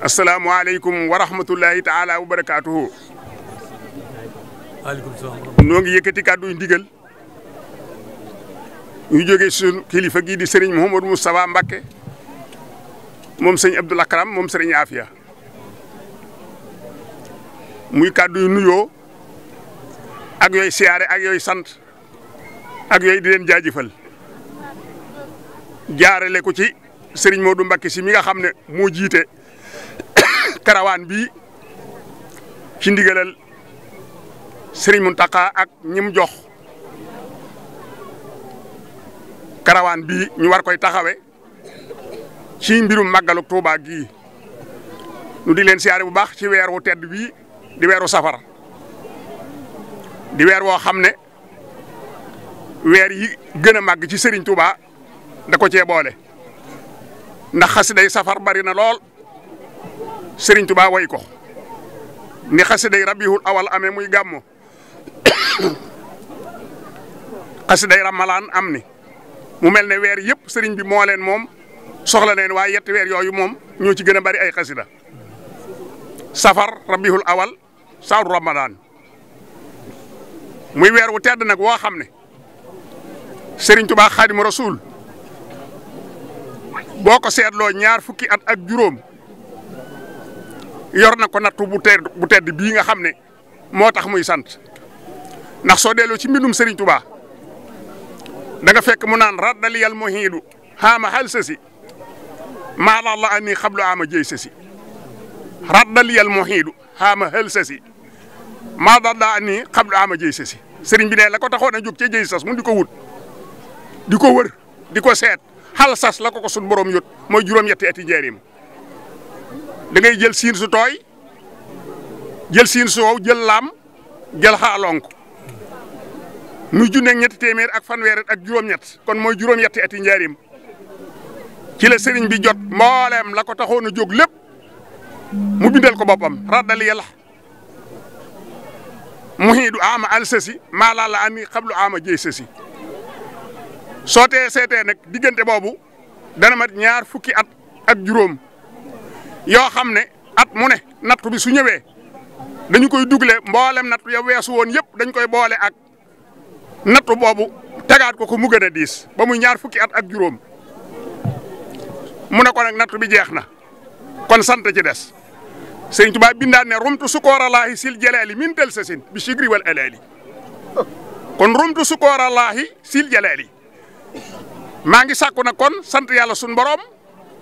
asalaamualeykum wa rahmatullahi taala wa barakaatuhu. waaleykum salaam. noo ngi yëkkati kàddu yu ndigal ñu jógee suñu kilifa gii di Serigne Mouhamadou Moustapha moom sëñ Abdoul Akram moom Serigne Afia muy kàddu yu nuyoo ak yooyu siyaare ak yooyu sant ak yooyu di leen jaajëfal jaarale ko ci Serigne Modou Mbacké si mi nga xam ne moo jiite. karawaan bi ci ndigalal Serigne Mountakha ak ñim jox karawaan bi ñu war koy taxawe ci mbirum màggalu Touba gii nu di leen siyaare bu baax ci weer wu tedd bii di weeru safar di weer woo xam ne weer yi gën a màgg ci Serigne Touba da ko cee boole ndax xas day safar bari na lool. Serigne Touba way ko ni xasiday Rabiul Awal amee muy gàmmo xasiday Ramalaan am ni mu mel ne weer yëpp Serigne bi moo moom soxla leen waaye yetti weer yooyu moom ñoo ci gën a bari ay xasida safar Rabiul Awal saaru Ramalaan muy weer wu tedd nag woo xam ne Serigne Touba Xaadimu Rasuul boo ko seetloo ñaar fukki at ak juróom. yor na ko nattu bu tedd bu tedd bii nga xam ne moo tax muy sant ndax soo delloo ci mbindum Serigne Touba da nga fekk mu naan raddali yal muhiidu xaama xal sasi maala la ani a ama jëy sasi raddali yal muhiidu xaama xal sasi maala la ani a ama jëy sasi Serigne bi ne la ko taxoon a jóg ca jëy sas mu di ko wut di ko wër di ko seet xal sas la ko ko sunu borom yot mooy juróom-ñetti ati njëriñ da jël siin su tooy jël siin su wow jël laam jël xaalonk muy junneeg ñetti téeméer ak fanweer ak juróom-ñett kon mooy juróom-ñetti ati njaarim ci la sëriñ bi jot mbooleem la ko taxoon a jóg lépp mu bindal ko boppam raddali yàlla muhiidu ama al sësi maalaa la ani xablu ama jëy sësi soo tee seetee nag diggante boobu dana mat ñaar fukki at ak juróom yoo xam ne at mu ne nattu bi su ñëwee dañu koy dugle mboolem nattu ya weesu woon yëpp dañ koy boole ak nattu boobu tegaat ko ko mu gën a diis ba muy ñaar fukki at ak juróom mu ne ko nag nattu bi jeex na kon sant ci des Sëriñ Tuubaa bindaat ne rumtu sukooralaahi sil jalaali min tel sa sin bi sigri wal alaali kon rumtu sukooralaahi sil jalaali maa ngi sàkku na kon sant yàlla boroom borom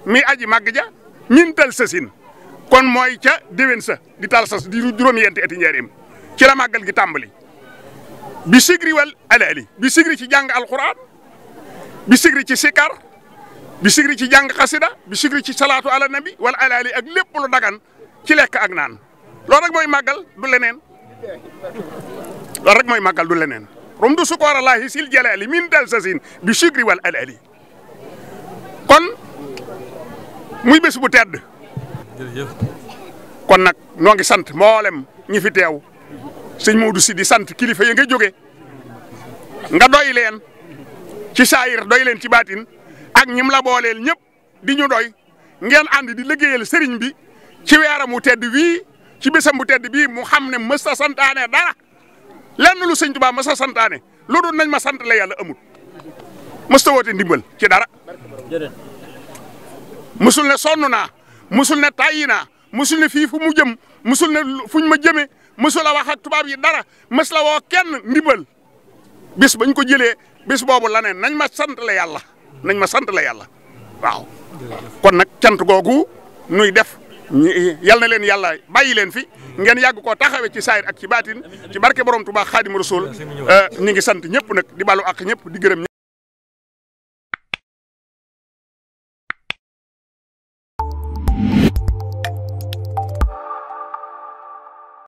mi aji màgg ja ñin tal sasin kon mooy ca déwén sa di tal sas di juróom-yenti ati njaareem ci màggal gi tàmbali bi sigri wal alaali bi sigri ci jàng alquran bi sigri ci sikar bi sigri ci jàng xasida bi sigri ci salaatu ala nabi wal alaali ak lépp lu dagan ci lekk ak naan loolu rek mooy màggal du leneen loolu mooy màggal du leneen rumdu sukoor allahi sil jalaali min dal sasin bi sigri wal alaali kon muy bés bu tedd. kon nag noo ngi sant mboolem ñi fi teew sëñ Modou si di sant kilifa ya nga jóge nga doy leen ci saayir doy leen ci baatin ak ñim la booleel ñëpp di ñu doy ngeen ànd di liggéeyal sëriñ bi ci weeram wu tedd wii ci bésam bu tedd bii mu xam ne mës a santaane dara lenn lu sëñ Tuubaa mës a santaane lu doon nañ ma sant la yàlla amul mës ta woote ndimbal ci dara. musul ne sonn naa musul ne tàyyi naa musul ne fii fu mu jëm musul ne fuñ ma jëmee musul a wax tubaab yi dara mës la woo kenn ndimbal bis bañ ko jëlee bis boobu la nañ ma sant la yàlla nañ ma sant la yàlla waaw. kon nag cant googu nuy def yal na leen yàlla bàyyi leen fi ngeen yàgg koo taxawee ci saayir ak ci baatin ci barke borom Tuubaa Xaadimu Rasuul euh, ñu ngi sant ñëpp nag di balu ak ñëpp di gërëm.